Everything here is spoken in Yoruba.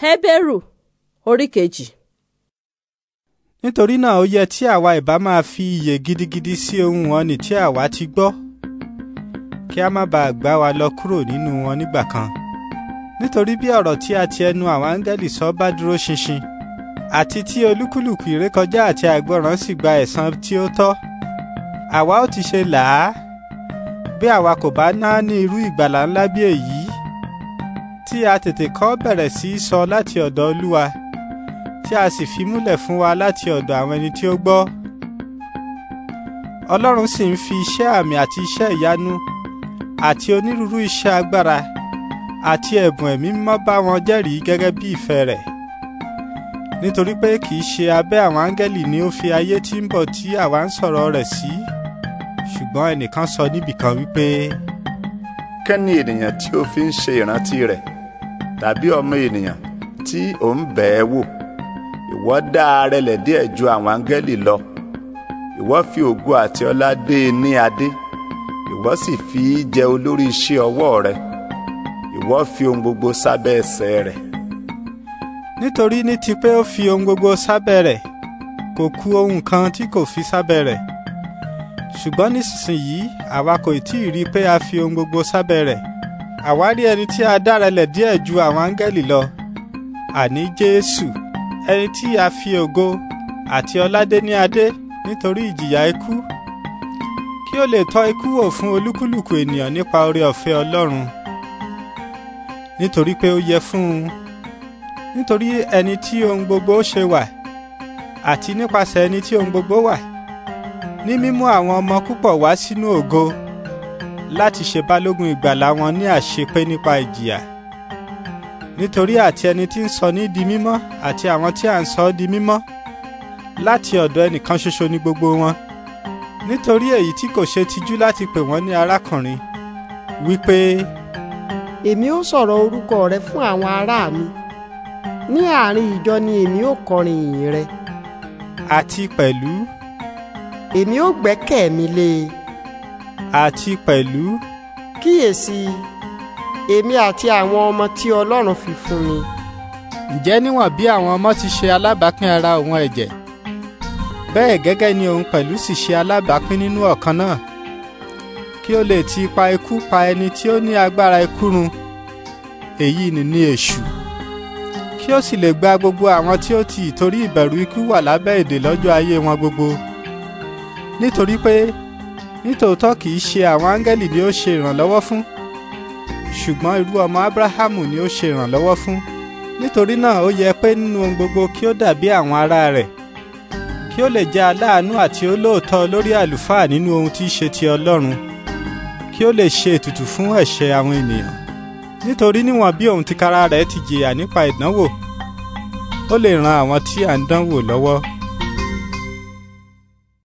Hébérù orí kejì. nítorí náà ó yẹ tí àwa ìbá máa fi iyè gidigidi sí ohun ọ̀nì tí àwa ti gbọ́ kí a má bàa gbá wa lọ kúrò nínú wọn nígbà kan nítorí bí ọ̀rọ̀ tí a ti ẹnu àwọn áńgẹ́lì sọ bá dúró ṣinṣin àti tí olúkúlùkù ìrékọjá àti àìgbọràn sì gba ẹ̀san tí ó tọ́ àwa ó ti ṣe làá bí àwa kò bá náání irú ìgbàlà ńlá bí èyí tí a tètè kọ́ bẹ̀rẹ̀ sí í sọ láti ọ̀dọ̀ Olúwa tí a sì fi múlẹ̀ fún wa láti ọ̀dọ̀ àwọn ẹni tí ó gbọ́ Ọlọ́run sì ń fi iṣẹ́ àmì àti iṣẹ́ ìyanu àti onírúurú iṣẹ́ agbára àti ẹ̀bùn ẹ̀mí mọ́ bá wọn jẹ́rìí gẹ́gẹ́ bí ìfẹ́ rẹ̀ nítorí pé kì í ṣe abẹ́ àwọn áńgẹ́lì ni ó fi ayé tí ń bọ̀ tí àwa ń sọ̀rọ̀ rẹ̀ sí ṣùgbọ́n ẹnìkan sọ níbìkan wípé. kẹ́ni ènìyàn tí ó fi ń ṣe ìrántí rẹ̀ tàbí ọmọ ènìyàn tí ò ń bẹ̀ ẹ́ wò ìwọ dá ara rẹ̀ díẹ̀ ju àwọn áńgẹ́lì lọ ìwọ fi ògo àti ọlá dé e ní adé ìwọ sì fi í jẹ olórí iṣẹ́ ọwọ́ rẹ ìwọ fi ohun gbogbo sábẹ́ ẹsẹ̀ rẹ̀. nítorí ní ti ó fi ohun gbogbo sábẹ́ rẹ̀ kò kù ohun kan tí kò fi sábẹ́ rẹ̀ ṣùgbọ́n nísinsìnyí àwa kò tí ì rí i pé a fi ohun gbogbo sábẹ́ rẹ̀ àwárí ẹni tí a dárẹlẹ̀ díẹ̀ ju àwọn áńgẹ́lì lọ àní Jésù ẹni tí a fi ògo àti ọládé ní adé nítorí ìjìyà ikú kí ó lè tọ́ ikú wò fún olúkúlùkù ènìyàn nípa oore ọ̀fẹ́ Ọlọ́run nítorí pé ó yẹ fún un nítorí ẹni tí ohun gbogbo ṣe wà àti nípasẹ̀ ẹni tí ohun gbogbo wà ní mímú àwọn ọmọ púpọ̀ wá sínú ògo láti ṣe balógun ìgbàlà wọn ní àṣepé nípa ìjìyà nítorí àti ẹni tí ń sọ ní di mímọ́ àti àwọn tí à ń sọ di mímọ́ láti ọ̀dọ̀ ẹnìkan ṣoṣo ní gbogbo wọn nítorí èyí tí kò ṣe tijú láti pè wọ́n ní arákùnrin wípé. èmi ó sọ̀rọ̀ orúkọ rẹ fún àwọn ará mi ní àárín ìjọ ni èmi ó kọrin ìyìn rẹ. àti pẹ̀lú. èmi ó gbẹ́kẹ̀ mi lé e àti pẹ̀lú. kíyèsí èmi àti àwọn ọmọ tí Ọlọ́run fi fún mi. ǹjẹ́ níwọ̀n bí àwọn ọmọ ti ṣe alábàápín ara òun ẹ̀jẹ̀ bẹ́ẹ̀ gẹ́gẹ́ ni òun pẹ̀lú sì ṣe alábàápín nínú ọ̀kan náà kí ó lè ti ipa ikú pa ẹni tí ó ní agbára ikú run èyí ni ní èṣù kí ó sì lè gba gbogbo àwọn tí ó ti ìtorí ìbẹ̀rù ikú wà lábẹ́ èdè lọ́jọ́ ayé wọn gbogbo nítorí pé nítòótọ́ kì í ṣe àwọn áńgẹ́lì ni ó ṣe ìrànlọ́wọ́ fún ṣùgbọ́n irú ọmọ ábúráhámù ni ó ṣe ìrànlọ́wọ́ fún nítorí náà ó yẹ pé nínú ohun gbogbo kí ó dàbí àwọn ará rẹ̀ kí ó lè jẹ́ aláàánú àti olóòótọ́ lórí àlùfáà nínú ohun tí í ṣe ti ọlọ́run kí ó lè ṣe ètùtù fún ẹ̀ṣẹ̀ àwọn ènìyàn nítorí níwọ̀n bí òun tìkára rẹ̀ ti jìyà nípa ìdánwò ó lè ran àwọn tí à ń dánwò lọ́wọ́.